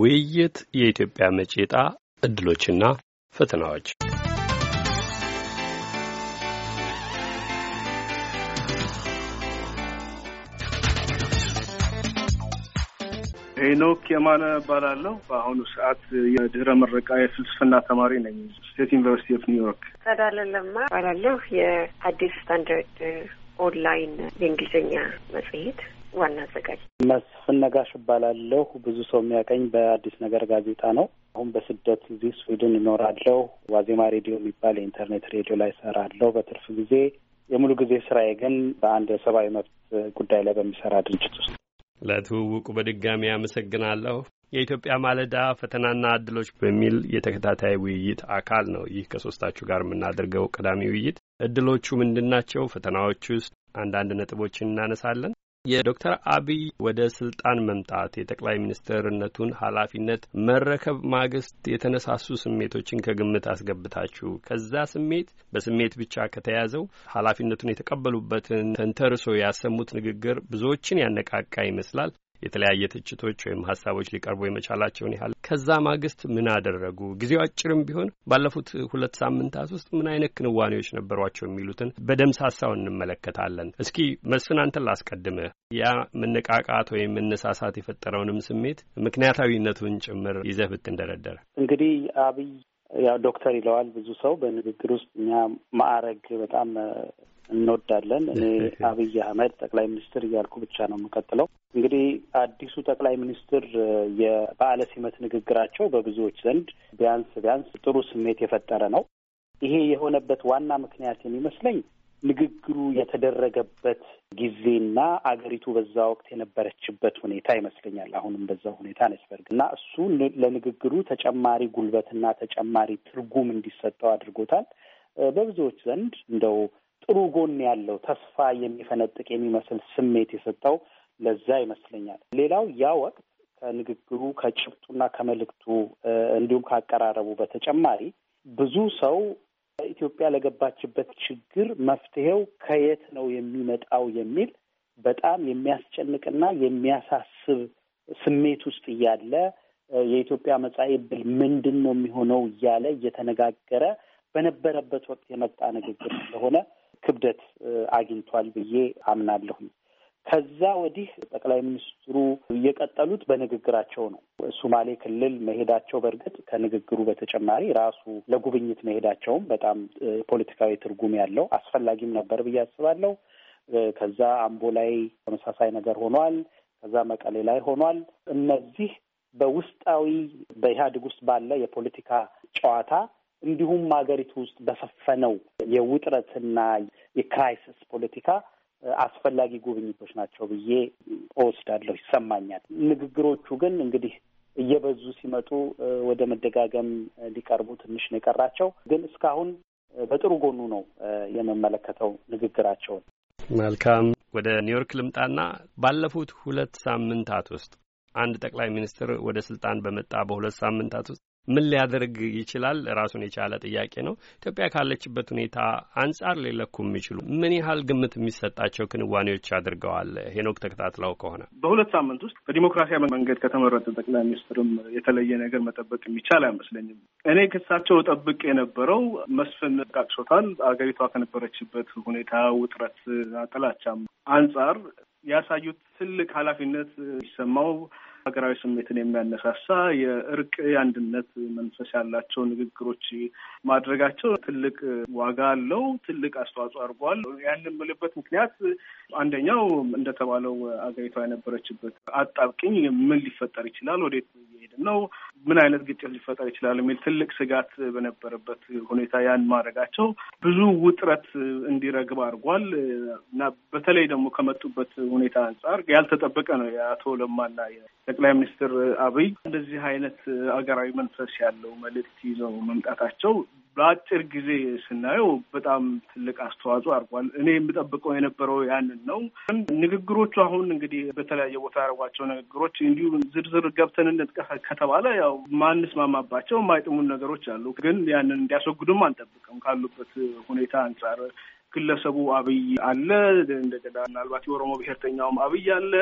ውይይት የኢትዮጵያ መጪ ዕጣ ዕድሎችና ፈተናዎች ሄኖክ የማነ እባላለሁ። በአሁኑ ሰዓት የድህረ ምረቃ የፍልስፍና ተማሪ ነኝ፣ ስቴት ዩኒቨርሲቲ ኦፍ ኒውዮርክ። ጸዳለ ለማ እባላለሁ። የአዲስ ስታንዳርድ ኦንላይን የእንግሊዝኛ መጽሔት ዋና አዘጋጅ መስፍን ነጋሽ እባላለሁ። ብዙ ሰው የሚያቀኝ በአዲስ ነገር ጋዜጣ ነው። አሁን በስደት እዚህ ስዊድን እኖራለሁ። ዋዜማ ሬዲዮ የሚባል የኢንተርኔት ሬዲዮ ላይ ሰራለሁ በትርፍ ጊዜ። የሙሉ ጊዜ ስራዬ ግን በአንድ የሰብአዊ መብት ጉዳይ ላይ በሚሰራ ድርጅት ውስጥ። ለትውውቁ በድጋሚ አመሰግናለሁ። የኢትዮጵያ ማለዳ ፈተናና እድሎች በሚል የተከታታይ ውይይት አካል ነው ይህ ከሶስታችሁ ጋር የምናደርገው ቀዳሚ ውይይት። እድሎቹ ምንድን ናቸው? ፈተናዎች ውስጥ አንዳንድ ነጥቦችን እናነሳለን። የዶክተር አብይ ወደ ስልጣን መምጣት የጠቅላይ ሚኒስትርነቱን ኃላፊነት መረከብ ማግስት የተነሳሱ ስሜቶችን ከግምት አስገብታችሁ ከዛ ስሜት በስሜት ብቻ ከተያዘው ኃላፊነቱን የተቀበሉበትን ተንተርሶ ያሰሙት ንግግር ብዙዎችን ያነቃቃ ይመስላል። የተለያየ ትችቶች ወይም ሀሳቦች ሊቀርቡ የመቻላቸውን ያህል ከዛ ማግስት ምን አደረጉ? ጊዜው አጭርም ቢሆን ባለፉት ሁለት ሳምንታት ውስጥ ምን አይነት ክንዋኔዎች ነበሯቸው የሚሉትን በደምሳሳው እንመለከታለን። እስኪ መስፍን አንተን ላስቀድምህ። ያ መነቃቃት ወይም መነሳሳት የፈጠረውንም ስሜት ምክንያታዊነቱን ጭምር ይዘህ ብትንደረደር። እንግዲህ አብይ ያው ዶክተር ይለዋል ብዙ ሰው በንግግር ውስጥ እኛ ማዕረግ በጣም እንወዳለን። እኔ አብይ አህመድ ጠቅላይ ሚኒስትር እያልኩ ብቻ ነው የምቀጥለው። እንግዲህ አዲሱ ጠቅላይ ሚኒስትር የበዓለ ሲመት ንግግራቸው በብዙዎች ዘንድ ቢያንስ ቢያንስ ጥሩ ስሜት የፈጠረ ነው። ይሄ የሆነበት ዋና ምክንያት የሚመስለኝ ንግግሩ የተደረገበት ጊዜና አገሪቱ በዛ ወቅት የነበረችበት ሁኔታ ይመስለኛል። አሁንም በዛ ሁኔታ ነች በርግ እና እሱ ለንግግሩ ተጨማሪ ጉልበትና ተጨማሪ ትርጉም እንዲሰጠው አድርጎታል። በብዙዎች ዘንድ እንደው ጥሩ ጎን ያለው ተስፋ የሚፈነጥቅ የሚመስል ስሜት የሰጠው ለዛ ይመስለኛል። ሌላው ያ ወቅት ከንግግሩ ከጭብጡና ከመልእክቱ እንዲሁም ከአቀራረቡ በተጨማሪ ብዙ ሰው ኢትዮጵያ ለገባችበት ችግር መፍትሄው ከየት ነው የሚመጣው የሚል በጣም የሚያስጨንቅና የሚያሳስብ ስሜት ውስጥ እያለ የኢትዮጵያ መጻኢ ዕድል ምንድን ነው የሚሆነው እያለ እየተነጋገረ በነበረበት ወቅት የመጣ ንግግር ስለሆነ ክብደት አግኝቷል ብዬ አምናለሁኝ። ከዛ ወዲህ ጠቅላይ ሚኒስትሩ የቀጠሉት በንግግራቸው ነው። ሶማሌ ክልል መሄዳቸው በእርግጥ ከንግግሩ በተጨማሪ ራሱ ለጉብኝት መሄዳቸውም በጣም ፖለቲካዊ ትርጉም ያለው አስፈላጊም ነበር ብዬ አስባለሁ። ከዛ አምቦ ላይ ተመሳሳይ ነገር ሆኗል። ከዛ መቀሌ ላይ ሆኗል። እነዚህ በውስጣዊ በኢህአዴግ ውስጥ ባለ የፖለቲካ ጨዋታ እንዲሁም ሀገሪቱ ውስጥ በሰፈነው የውጥረትና የክራይሲስ ፖለቲካ አስፈላጊ ጉብኝቶች ናቸው ብዬ እወስዳለሁ፣ ይሰማኛል። ንግግሮቹ ግን እንግዲህ እየበዙ ሲመጡ ወደ መደጋገም ሊቀርቡ ትንሽ ነው የቀራቸው። ግን እስካሁን በጥሩ ጎኑ ነው የምመለከተው ንግግራቸውን። መልካም። ወደ ኒውዮርክ ልምጣና ባለፉት ሁለት ሳምንታት ውስጥ አንድ ጠቅላይ ሚኒስትር ወደ ስልጣን በመጣ በሁለት ሳምንታት ውስጥ ምን ሊያደርግ ይችላል? ራሱን የቻለ ጥያቄ ነው። ኢትዮጵያ ካለችበት ሁኔታ አንጻር ሊለኩ የሚችሉ ምን ያህል ግምት የሚሰጣቸው ክንዋኔዎች አድርገዋል? ሄኖክ ተከታትለው ከሆነ በሁለት ሳምንት ውስጥ በዲሞክራሲያዊ መንገድ ከተመረጠ ጠቅላይ ሚኒስትርም የተለየ ነገር መጠበቅ የሚቻል አይመስለኝም። እኔ ከሳቸው ጠብቅ የነበረው መስፍን ቃቅሶታል። አገሪቷ ከነበረችበት ሁኔታ ውጥረት፣ ጥላቻም አንጻር ያሳዩት ትልቅ ኃላፊነት ይሰማው ሀገራዊ ስሜትን የሚያነሳሳ የእርቅ የአንድነት መንፈስ ያላቸው ንግግሮች ማድረጋቸው ትልቅ ዋጋ አለው፣ ትልቅ አስተዋጽኦ አድርጓል። ያን የምልበት ምክንያት አንደኛው እንደተባለው አገሪቷ የነበረችበት አጣብቅኝ ምን ሊፈጠር ይችላል፣ ወዴት ምንድን ነው፣ ምን አይነት ግጭት ሊፈጠር ይችላል የሚል ትልቅ ስጋት በነበረበት ሁኔታ ያን ማድረጋቸው ብዙ ውጥረት እንዲረግብ አድርጓል እና በተለይ ደግሞ ከመጡበት ሁኔታ አንጻር ያልተጠበቀ ነው። የአቶ ለማና የጠቅላይ ሚኒስትር አብይ እንደዚህ አይነት አገራዊ መንፈስ ያለው መልእክት ይዘው መምጣታቸው በአጭር ጊዜ ስናየው በጣም ትልቅ አስተዋጽኦ አድርጓል። እኔ የምጠብቀው የነበረው ያንን ነው። ንግግሮቹ አሁን እንግዲህ በተለያየ ቦታ ያደረጓቸው ንግግሮች እንዲሁ ዝርዝር ገብተን እንጥቀስ ከተባለ ያው ማንስማማባቸው የማይጥሙን ነገሮች አሉ። ግን ያንን እንዲያስወግዱም አንጠብቅም ካሉበት ሁኔታ አንጻር ግለሰቡ አብይ አለ እንደገና ምናልባት የኦሮሞ ብሔርተኛውም አብይ አለ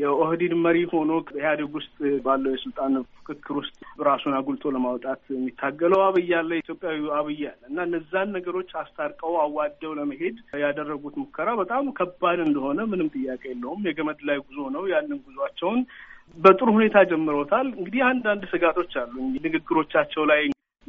የኦህዲድ መሪ ሆኖ ኢህአዴግ ውስጥ ባለው የስልጣን ፍክክር ውስጥ ራሱን አጉልቶ ለማውጣት የሚታገለው አብይ አለ፣ ኢትዮጵያዊ አብይ አለ እና እነዛን ነገሮች አስታርቀው አዋደው ለመሄድ ያደረጉት ሙከራ በጣም ከባድ እንደሆነ ምንም ጥያቄ የለውም። የገመድ ላይ ጉዞ ነው። ያንን ጉዟቸውን በጥሩ ሁኔታ ጀምረውታል። እንግዲህ አንዳንድ ስጋቶች አሉ። ንግግሮቻቸው ላይ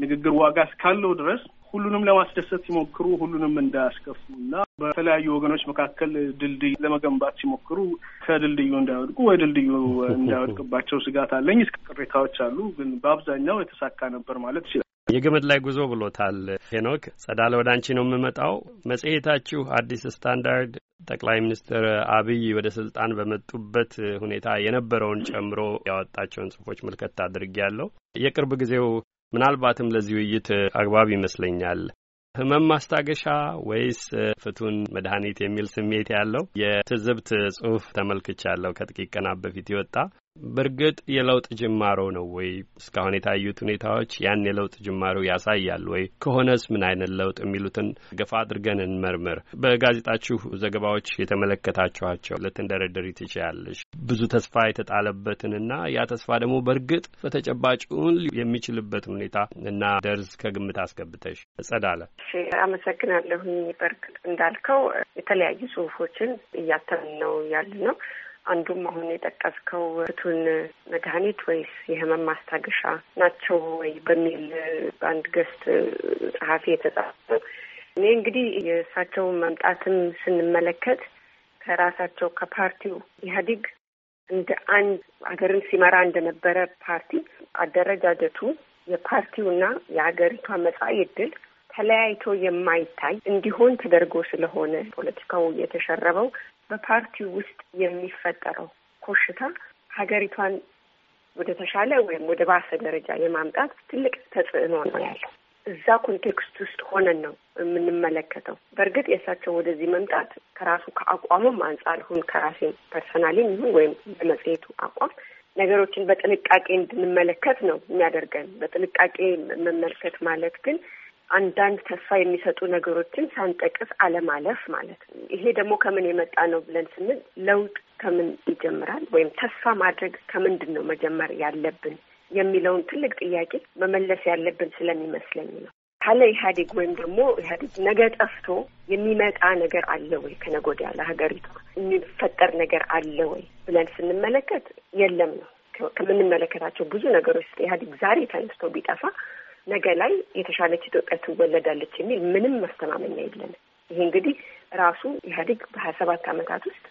ንግግር ዋጋ እስካለው ድረስ ሁሉንም ለማስደሰት ሲሞክሩ ሁሉንም እንዳያስከፉ እና በተለያዩ ወገኖች መካከል ድልድይ ለመገንባት ሲሞክሩ ከድልድዩ እንዳይወድቁ ወይ ድልድዩ እንዳይወድቅባቸው ስጋት አለኝ። እስከ ቅሬታዎች አሉ፣ ግን በአብዛኛው የተሳካ ነበር ማለት ይችላል። የገመድ ላይ ጉዞ ብሎታል ሄኖክ ጸዳለ። ወደ አንቺ ነው የምመጣው። መጽሔታችሁ አዲስ ስታንዳርድ ጠቅላይ ሚኒስትር አብይ ወደ ስልጣን በመጡበት ሁኔታ የነበረውን ጨምሮ ያወጣቸውን ጽሁፎች ምልከት አድርጌ ያለው የቅርብ ጊዜው ምናልባትም ለዚህ ውይይት አግባብ ይመስለኛል። ህመም ማስታገሻ ወይስ ፍቱን መድኃኒት የሚል ስሜት ያለው የትዝብት ጽሁፍ ተመልክቻለሁ። ከጥቂት ቀናት በፊት የወጣ በእርግጥ የለውጥ ጅማሮ ነው ወይ? እስካሁን የታዩት ሁኔታዎች ያን የለውጥ ጅማሮ ያሳያል ወይ? ከሆነስ ምን አይነት ለውጥ የሚሉትን ገፋ አድርገን እንመርምር። በጋዜጣችሁ ዘገባዎች የተመለከታችኋቸው ልትንደረደሪ ትችያለሽ። ብዙ ተስፋ የተጣለበትንና ያ ተስፋ ደግሞ በእርግጥ በተጨባጭውን የሚችልበትን ሁኔታ እና ደርዝ ከግምት አስገብተሽ ጸዳለ። እሺ፣ አመሰግናለሁኝ። በእርግጥ እንዳልከው የተለያዩ ጽሁፎችን እያተምን ነው ያለ ነው አንዱም አሁን የጠቀስከው ፍቱን መድኃኒት ወይስ የህመም ማስታገሻ ናቸው ወይ በሚል በአንድ ገስት ጸሐፊ የተጻፈ እኔ እንግዲህ የእሳቸው መምጣትም ስንመለከት ከራሳቸው ከፓርቲው ኢህአዴግ እንደ አንድ ሀገርን ሲመራ እንደነበረ ፓርቲ አደረጃጀቱ የፓርቲውና የሀገሪቷ መጻኢ ዕድል ተለያይቶ የማይታይ እንዲሆን ተደርጎ ስለሆነ ፖለቲካው የተሸረበው በፓርቲው ውስጥ የሚፈጠረው ኮሽታ ሀገሪቷን ወደ ተሻለ ወይም ወደ ባሰ ደረጃ የማምጣት ትልቅ ተጽዕኖ ነው ያለው። እዛ ኮንቴክስት ውስጥ ሆነን ነው የምንመለከተው። በእርግጥ የእሳቸው ወደዚህ መምጣት ከራሱ ከአቋሙም አንጻር ይሁን ከራሴ ፐርሰናሊም ይሁን ወይም የመጽሔቱ አቋም ነገሮችን በጥንቃቄ እንድንመለከት ነው የሚያደርገን። በጥንቃቄ መመልከት ማለት ግን አንዳንድ ተስፋ የሚሰጡ ነገሮችን ሳንጠቅስ አለማለፍ ማለት ነው። ይሄ ደግሞ ከምን የመጣ ነው ብለን ስንል ለውጥ ከምን ይጀምራል ወይም ተስፋ ማድረግ ከምንድን ነው መጀመር ያለብን የሚለውን ትልቅ ጥያቄ መመለስ ያለብን ስለሚመስለኝ ነው። ካለ ኢህአዴግ ወይም ደግሞ ኢህአዴግ ነገ ጠፍቶ የሚመጣ ነገር አለ ወይ ከነገ ወዲያ የሚፈጠር ነገር አለ ወይ ብለን ስንመለከት የለም ነው። ከምንመለከታቸው ብዙ ነገሮች ኢህአዴግ ዛሬ ተነስቶ ቢጠፋ ነገ ላይ የተሻለች ኢትዮጵያ ትወለዳለች የሚል ምንም ማስተማመኛ የለንም። ይሄ እንግዲህ ራሱ ኢህአዴግ በሀያ ሰባት ዓመታት ውስጥ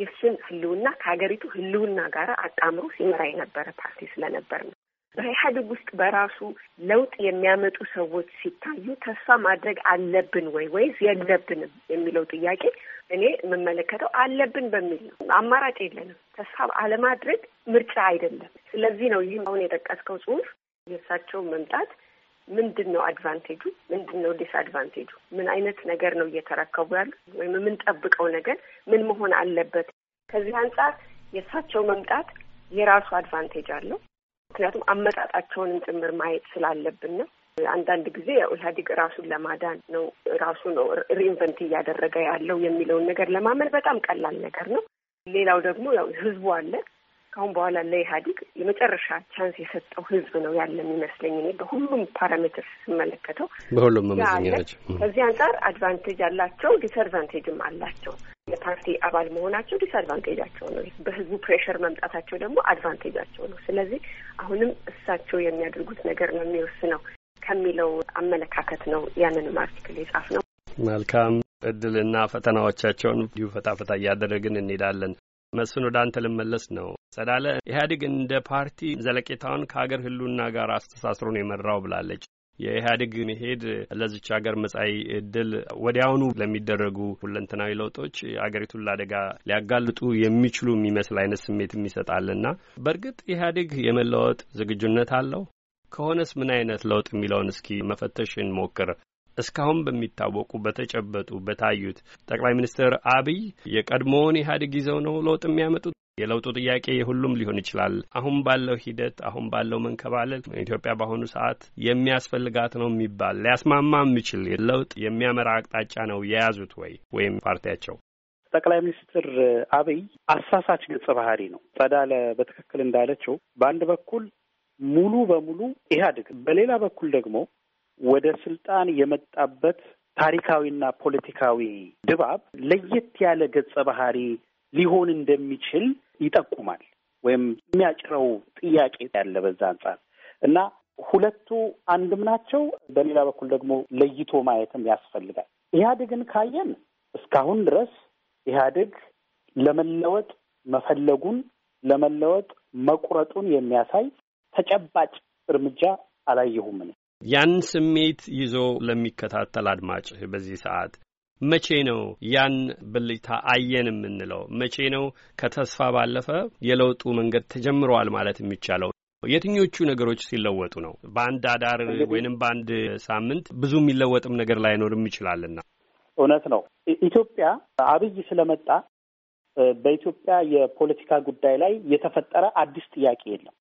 የእሱን ህልውና ከሀገሪቱ ህልውና ጋር አጣምሮ ሲመራ የነበረ ፓርቲ ስለነበር ነው። በኢህአዴግ ውስጥ በራሱ ለውጥ የሚያመጡ ሰዎች ሲታዩ ተስፋ ማድረግ አለብን ወይ ወይስ የለብንም የሚለው ጥያቄ እኔ የምመለከተው አለብን በሚል ነው። አማራጭ የለንም። ተስፋ አለማድረግ ምርጫ አይደለም። ስለዚህ ነው ይህም አሁን የጠቀስከው ጽሁፍ የእሳቸው መምጣት ምንድን ነው አድቫንቴጁ? ምንድን ነው ዲስ አድቫንቴጁ? ምን አይነት ነገር ነው እየተረከቡ ያሉ ወይም የምንጠብቀው ነገር ምን መሆን አለበት? ከዚህ አንጻር የእሳቸው መምጣት የራሱ አድቫንቴጅ አለው። ምክንያቱም አመጣጣቸውንም ጭምር ማየት ስላለብን ነው። አንዳንድ ጊዜ ያው ኢህአዴግ ራሱን ለማዳን ነው ራሱ ነው ሪኢንቨንት እያደረገ ያለው የሚለውን ነገር ለማመን በጣም ቀላል ነገር ነው። ሌላው ደግሞ ያው ህዝቡ አለ ካሁን በኋላ ለኢህአዴግ የመጨረሻ ቻንስ የሰጠው ህዝብ ነው ያለ የሚመስለኝ እኔ በሁሉም ፓራሜትር ስመለከተው፣ በሁሉም መመዘኛዎች። ከዚህ አንጻር አድቫንቴጅ አላቸው፣ ዲስአድቫንቴጅም አላቸው። የፓርቲ አባል መሆናቸው ዲስአድቫንቴጃቸው ነው። በህዝቡ ፕሬሽር መምጣታቸው ደግሞ አድቫንቴጃቸው ነው። ስለዚህ አሁንም እሳቸው የሚያደርጉት ነገር ነው የሚወስነው ከሚለው አመለካከት ነው ያንንም አርቲክል የጻፍ ነው። መልካም እድልና ፈተናዎቻቸውን እንዲሁ ፈታ እያደረግን እንሄዳለን። መስፍን ወደ አንተ ልመለስ ነው። ጸዳለ ኢህአዴግ እንደ ፓርቲ ዘለቄታውን ከሀገር ህልውና ጋር አስተሳስሮ ነው የመራው ብላለች። የኢህአዴግ መሄድ ለዚች ሀገር መጻኢ እድል ወዲያውኑ ለሚደረጉ ሁለንተናዊ ለውጦች አገሪቱን ለአደጋ ሊያጋልጡ የሚችሉ የሚመስል አይነት ስሜትም ይሰጣልና በእርግጥ ኢህአዴግ የመለወጥ ዝግጁነት አለው? ከሆነስ ምን አይነት ለውጥ የሚለውን እስኪ መፈተሽ እንሞክር። እስካሁን በሚታወቁ በተጨበጡ በታዩት ጠቅላይ ሚኒስትር አብይ የቀድሞውን ኢህአዴግ ይዘው ነው ለውጥ የሚያመጡት? የለውጡ ጥያቄ የሁሉም ሊሆን ይችላል። አሁን ባለው ሂደት አሁን ባለው መንከባለል ኢትዮጵያ በአሁኑ ሰዓት የሚያስፈልጋት ነው የሚባል ሊያስማማ የሚችል ለውጥ የሚያመራ አቅጣጫ ነው የያዙት ወይ ወይም ፓርቲያቸው? ጠቅላይ ሚኒስትር አብይ አሳሳች ገጸ ባህሪ ነው። ጸዳለ በትክክል እንዳለችው በአንድ በኩል ሙሉ በሙሉ ኢህአዴግ፣ በሌላ በኩል ደግሞ ወደ ስልጣን የመጣበት ታሪካዊና ፖለቲካዊ ድባብ ለየት ያለ ገጸ ባህሪ ሊሆን እንደሚችል ይጠቁማል ወይም የሚያጭረው ጥያቄ ያለ በዛ አንጻር እና ሁለቱ አንድም ናቸው። በሌላ በኩል ደግሞ ለይቶ ማየትም ያስፈልጋል። ኢህአዴግን ካየን እስካሁን ድረስ ኢህአዴግ ለመለወጥ መፈለጉን ለመለወጥ መቁረጡን የሚያሳይ ተጨባጭ እርምጃ አላየሁም። ያን ስሜት ይዞ ለሚከታተል አድማጭ በዚህ ሰዓት መቼ ነው ያን ብልጭታ አየን የምንለው? መቼ ነው ከተስፋ ባለፈ የለውጡ መንገድ ተጀምረዋል ማለት የሚቻለው? የትኞቹ ነገሮች ሲለወጡ ነው? በአንድ አዳር ወይንም በአንድ ሳምንት ብዙ የሚለወጥም ነገር ላይኖርም ይችላልና። እውነት ነው። ኢትዮጵያ አብይ ስለመጣ በኢትዮጵያ የፖለቲካ ጉዳይ ላይ የተፈጠረ አዲስ ጥያቄ የለም።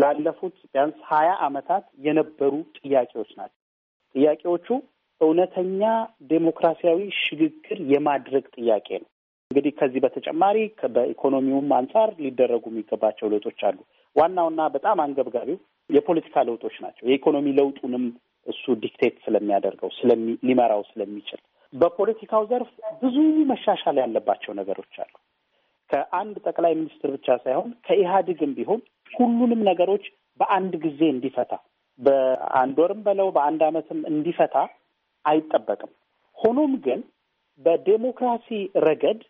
ላለፉት ቢያንስ ሀያ ዓመታት የነበሩ ጥያቄዎች ናቸው። ጥያቄዎቹ እውነተኛ ዴሞክራሲያዊ ሽግግር የማድረግ ጥያቄ ነው። እንግዲህ ከዚህ በተጨማሪ በኢኮኖሚውም አንጻር ሊደረጉ የሚገባቸው ለውጦች አሉ። ዋናውና በጣም አንገብጋቢው የፖለቲካ ለውጦች ናቸው። የኢኮኖሚ ለውጡንም እሱ ዲክቴት ስለሚያደርገው ሊመራው ስለሚችል በፖለቲካው ዘርፍ ብዙ መሻሻል ያለባቸው ነገሮች አሉ። ከአንድ ጠቅላይ ሚኒስትር ብቻ ሳይሆን ከኢህአዴግም ቢሆን ሁሉንም ነገሮች በአንድ ጊዜ እንዲፈታ በአንድ ወርም በለው በአንድ ዓመትም እንዲፈታ አይጠበቅም። ሆኖም ግን በዴሞክራሲ ረገድ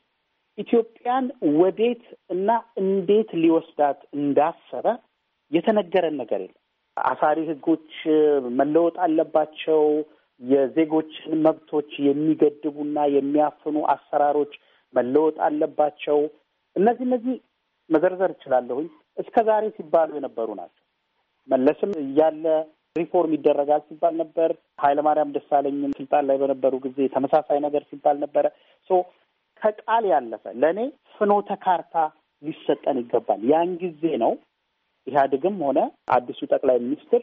ኢትዮጵያን ወዴት እና እንዴት ሊወስዳት እንዳሰበ የተነገረን ነገር የለም። አሳሪ ሕጎች መለወጥ አለባቸው፣ የዜጎችን መብቶች የሚገድቡና የሚያፍኑ አሰራሮች መለወጥ አለባቸው። እነዚህ እነዚህ መዘርዘር እችላለሁኝ። እስከ ዛሬ ሲባሉ የነበሩ ናቸው። መለስም እያለ ሪፎርም ይደረጋል ሲባል ነበር። ኃይለማርያም ደሳለኝም ስልጣን ላይ በነበሩ ጊዜ ተመሳሳይ ነገር ሲባል ነበረ። ሶ ከቃል ያለፈ ለእኔ ፍኖተ ካርታ ሊሰጠን ይገባል። ያን ጊዜ ነው ኢህአዴግም ሆነ አዲሱ ጠቅላይ ሚኒስትር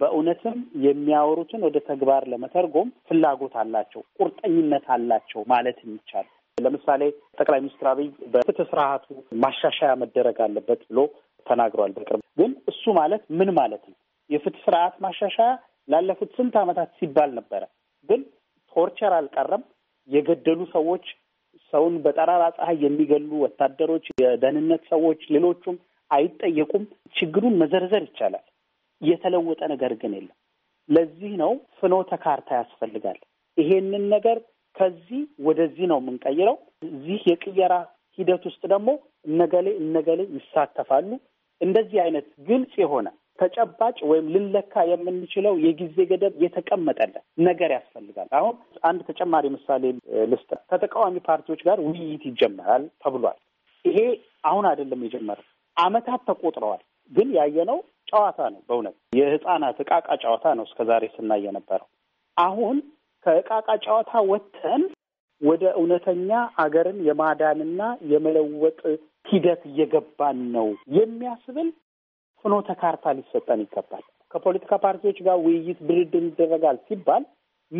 በእውነትም የሚያወሩትን ወደ ተግባር ለመተርጎም ፍላጎት አላቸው፣ ቁርጠኝነት አላቸው ማለት የሚቻል ለምሳሌ ጠቅላይ ሚኒስትር አብይ በፍትህ ስርዓቱ ማሻሻያ መደረግ አለበት ብሎ ተናግሯል። በቅርብ ግን እሱ ማለት ምን ማለት ነው? የፍትህ ስርዓት ማሻሻያ ላለፉት ስንት ዓመታት ሲባል ነበረ። ግን ቶርቸር አልቀረም። የገደሉ ሰዎች ሰውን በጠራራ ፀሐይ የሚገሉ ወታደሮች፣ የደህንነት ሰዎች፣ ሌሎቹም አይጠየቁም። ችግሩን መዘርዘር ይቻላል። የተለወጠ ነገር ግን የለም። ለዚህ ነው ፍኖተ ካርታ ያስፈልጋል። ይሄንን ነገር ከዚህ ወደዚህ ነው የምንቀይረው። እዚህ የቅየራ ሂደት ውስጥ ደግሞ እነገሌ እነገሌ ይሳተፋሉ። እንደዚህ አይነት ግልጽ የሆነ ተጨባጭ ወይም ልንለካ የምንችለው የጊዜ ገደብ የተቀመጠለን ነገር ያስፈልጋል። አሁን አንድ ተጨማሪ ምሳሌ ልስጥ። ከተቃዋሚ ፓርቲዎች ጋር ውይይት ይጀመራል ተብሏል። ይሄ አሁን አይደለም የጀመረው፣ አመታት ተቆጥረዋል። ግን ያየነው ጨዋታ ነው። በእውነት የህፃናት እቃቃ ጨዋታ ነው እስከዛሬ ስናየ ነበረው። አሁን ከእቃቃ ጨዋታ ወጥተን ወደ እውነተኛ አገርን የማዳንና የመለወጥ ሂደት እየገባን ነው የሚያስብል ፍኖተ ካርታ ሊሰጠን ይገባል። ከፖለቲካ ፓርቲዎች ጋር ውይይት፣ ድርድር ይደረጋል ሲባል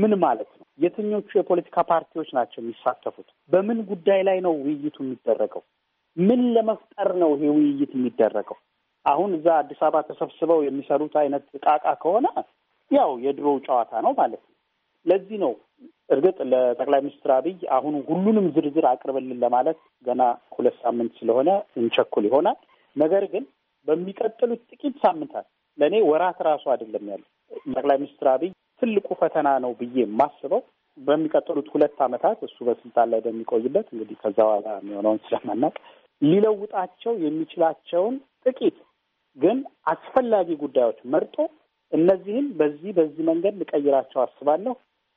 ምን ማለት ነው? የትኞቹ የፖለቲካ ፓርቲዎች ናቸው የሚሳተፉት? በምን ጉዳይ ላይ ነው ውይይቱ የሚደረገው? ምን ለመፍጠር ነው ይሄ ውይይት የሚደረገው? አሁን እዛ አዲስ አበባ ተሰብስበው የሚሰሩት አይነት እቃቃ ከሆነ ያው የድሮው ጨዋታ ነው ማለት ነው። ለዚህ ነው እርግጥ ለጠቅላይ ሚኒስትር አብይ አሁን ሁሉንም ዝርዝር አቅርብልን ለማለት ገና ሁለት ሳምንት ስለሆነ እንቸኩል ይሆናል። ነገር ግን በሚቀጥሉት ጥቂት ሳምንታት ለእኔ ወራት ራሱ አይደለም ያለ ጠቅላይ ሚኒስትር አብይ ትልቁ ፈተና ነው ብዬ የማስበው በሚቀጥሉት ሁለት ዓመታት እሱ በስልጣን ላይ በሚቆይበት እንግዲህ ከዛ በኋላ የሚሆነውን ስለማናቅ ሊለውጣቸው የሚችላቸውን ጥቂት ግን አስፈላጊ ጉዳዮች መርጦ እነዚህን በዚህ በዚህ መንገድ ልቀይራቸው አስባለሁ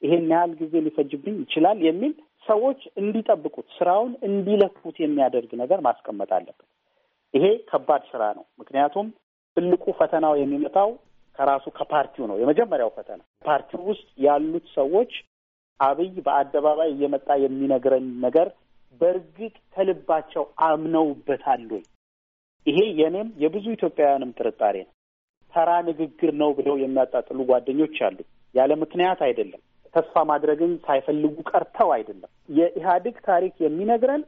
ይሄን ያህል ጊዜ ሊፈጅብኝ ይችላል የሚል ሰዎች እንዲጠብቁት ስራውን እንዲለፉት የሚያደርግ ነገር ማስቀመጥ አለበት። ይሄ ከባድ ስራ ነው። ምክንያቱም ትልቁ ፈተናው የሚመጣው ከራሱ ከፓርቲው ነው። የመጀመሪያው ፈተና ፓርቲው ውስጥ ያሉት ሰዎች አብይ በአደባባይ እየመጣ የሚነግረን ነገር በእርግጥ ከልባቸው አምነውበታል ወይ? ይሄ የኔም የብዙ ኢትዮጵያውያንም ጥርጣሬ ነው። ተራ ንግግር ነው ብለው የሚያጣጥሉ ጓደኞች አሉ። ያለ ምክንያት አይደለም። ተስፋ ማድረግን ሳይፈልጉ ቀርተው አይደለም። የኢህአዴግ ታሪክ የሚነግረን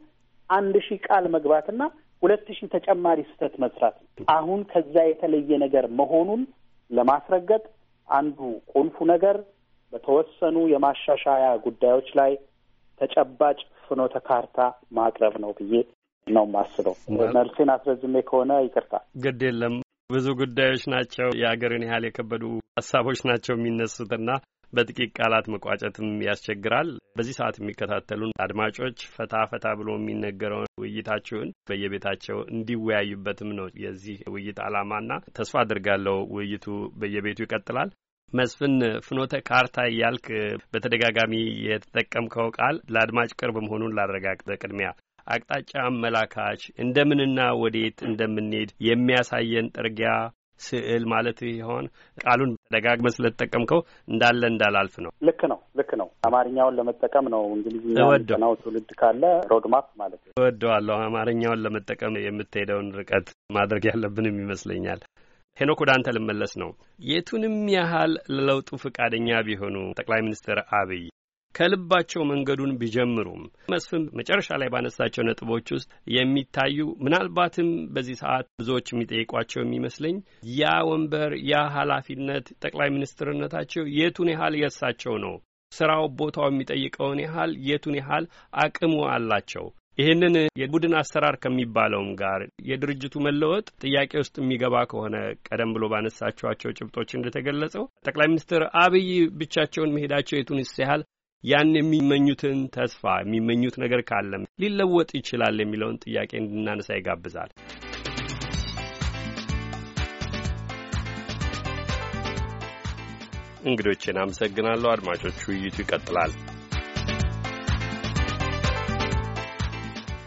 አንድ ሺህ ቃል መግባትና ሁለት ሺህ ተጨማሪ ስህተት መስራት አሁን ከዛ የተለየ ነገር መሆኑን ለማስረገጥ አንዱ ቁልፉ ነገር በተወሰኑ የማሻሻያ ጉዳዮች ላይ ተጨባጭ ፍኖተ ካርታ ማቅረብ ነው ብዬ ነው የማስበው። መልሴን አስረዝሜ ከሆነ ይቅርታ። ግድ የለም ብዙ ጉዳዮች ናቸው። የአገርን ያህል የከበዱ ሀሳቦች ናቸው የሚነሱትና በጥቂት ቃላት መቋጨትም ያስቸግራል። በዚህ ሰዓት የሚከታተሉን አድማጮች ፈታ ፈታ ብሎ የሚነገረውን ውይይታችሁን በየቤታቸው እንዲወያዩበትም ነው የዚህ ውይይት ዓላማና ተስፋ አድርጋለሁ ውይይቱ በየቤቱ ይቀጥላል። መስፍን ፍኖተ ካርታ እያልክ በተደጋጋሚ የተጠቀምከው ቃል ለአድማጭ ቅርብ መሆኑን ላረጋግጠ ቅድሚያ አቅጣጫ አመላካች እንደምንና ወዴት እንደምንሄድ የሚያሳየን ጥርጊያ ስዕል ማለት ይሆን? ቃሉን ደጋግመህ ስለተጠቀምከው እንዳለ እንዳላልፍ ነው። ልክ ነው፣ ልክ ነው። አማርኛውን ለመጠቀም ነው። እንግሊዝኛ ትውልድ ካለ ሮድማፕ ማለት ነው። እወደዋለሁ። አማርኛውን ለመጠቀም የምትሄደውን ርቀት ማድረግ ያለብንም ይመስለኛል። ሄኖክ ወደ አንተ ልመለስ ነው። የቱንም ያህል ለለውጡ ፈቃደኛ ቢሆኑ ጠቅላይ ሚኒስትር አብይ ከልባቸው መንገዱን ቢጀምሩም መስፍን መጨረሻ ላይ ባነሳቸው ነጥቦች ውስጥ የሚታዩ ምናልባትም በዚህ ሰዓት ብዙዎች የሚጠይቋቸው የሚመስለኝ ያ ወንበር፣ ያ ኃላፊነት ጠቅላይ ሚኒስትርነታቸው የቱን ያህል የእሳቸው ነው? ስራው ቦታው የሚጠይቀውን ያህል የቱን ያህል አቅሙ አላቸው? ይህንን የቡድን አሰራር ከሚባለውም ጋር የድርጅቱ መለወጥ ጥያቄ ውስጥ የሚገባ ከሆነ ቀደም ብሎ ባነሳችኋቸው ጭብጦች እንደተገለጸው ጠቅላይ ሚኒስትር አብይ ብቻቸውን መሄዳቸው የቱንስ ያህል ያን የሚመኙትን ተስፋ የሚመኙት ነገር ካለም ሊለወጥ ይችላል የሚለውን ጥያቄ እንድናነሳ ይጋብዛል። እንግዶቼን አመሰግናለሁ። አድማጮች፣ ውይይቱ ይቀጥላል።